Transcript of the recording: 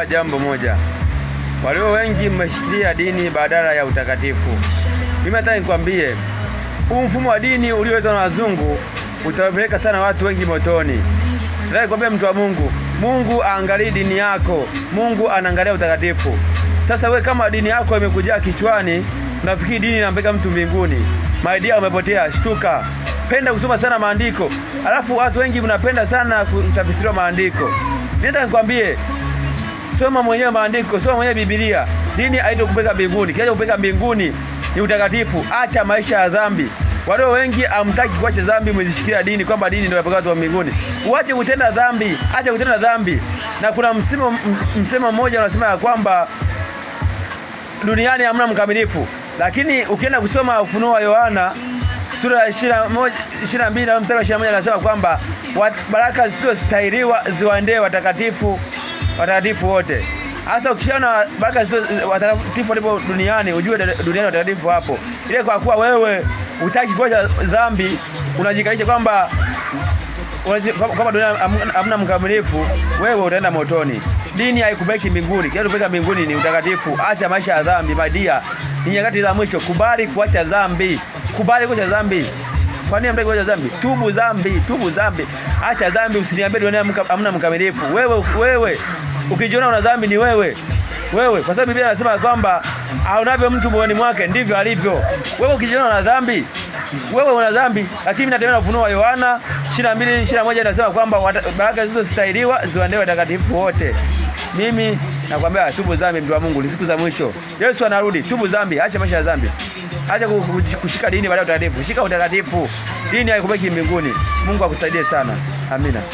kuelewa jambo moja, walio wengi mmeshikilia dini badala ya utakatifu. Mimi nataka nikwambie, huu mfumo wa dini ulioletwa na wazungu utawapeleka sana watu wengi motoni. Nataka nikwambie mtu wa Mungu, Mungu aangalii dini yako, Mungu anaangalia utakatifu. Sasa we kama dini yako imekujaa kichwani, nafikiri dini inampeleka mtu mbinguni, maidia umepotea. Shtuka, penda kusoma sana maandiko. Alafu watu wengi mnapenda sana kutafsiriwa maandiko. Nenda nikwambie Soma mwenyewe maandiko, soma mwenyewe Biblia. Dini haito haitokupeleka mbinguni, kinachokupeleka mbinguni ni utakatifu. Acha maisha ya dhambi. Walio wengi amtaki kuacha dhambi, mwezishikilia dini kwamba dini ndio inapeleka watu wa mbinguni. Uache kutenda dhambi, acha kutenda dhambi. Na kuna msemo msemo mmoja unasema ya kwamba duniani hamna mkamilifu, lakini ukienda kusoma Ufunuo wa Yohana sura ya ishirini na mbili na mstari wa ishirini na moja anasema kwamba baraka zisizostahiliwa ziwaendee watakatifu watakatifu wote. Hasa ukishana baraka watakatifu walipo duniani, ujue duniani watakatifu hapo. Ile kwa kuwa wewe utaki kuacha dhambi, unajikalisha kwamba kama dunia hamna mkamilifu, wewe utaenda motoni. Dini haikubeki mbinguni. Kinachopeleka mbinguni ni utakatifu. Acha maisha ya dhambi, madia. Ni nyakati za mwisho, kubali kuacha dhambi, kubali kuacha dhambi. Kwa nini mtaki dhambi? Tubu dhambi, tubu dhambi. Acha dhambi, usiniambie dunia hamna mkamilifu. Wewe wewe ukijiona una dhambi ni wewe. Wewe kwa sababu Biblia inasema kwamba aunavyo mtu moyoni mwake ndivyo alivyo. Wewe ukijiona una dhambi, wewe una dhambi, lakini natembea na ufunuo wa Yohana 22:21 inasema kwamba baraka zilizostahiliwa ziwaendee watakatifu wote. Mimi Nakwambia tubu zambi mtu wa Mungu, ni siku za mwisho. Yesu anarudi, tubu zambi acha maisha ya zambi acha kushika dini baada ya utakatifu. Shika utakatifu, dini haikubaki mbinguni. Mungu akusaidie sana, amina.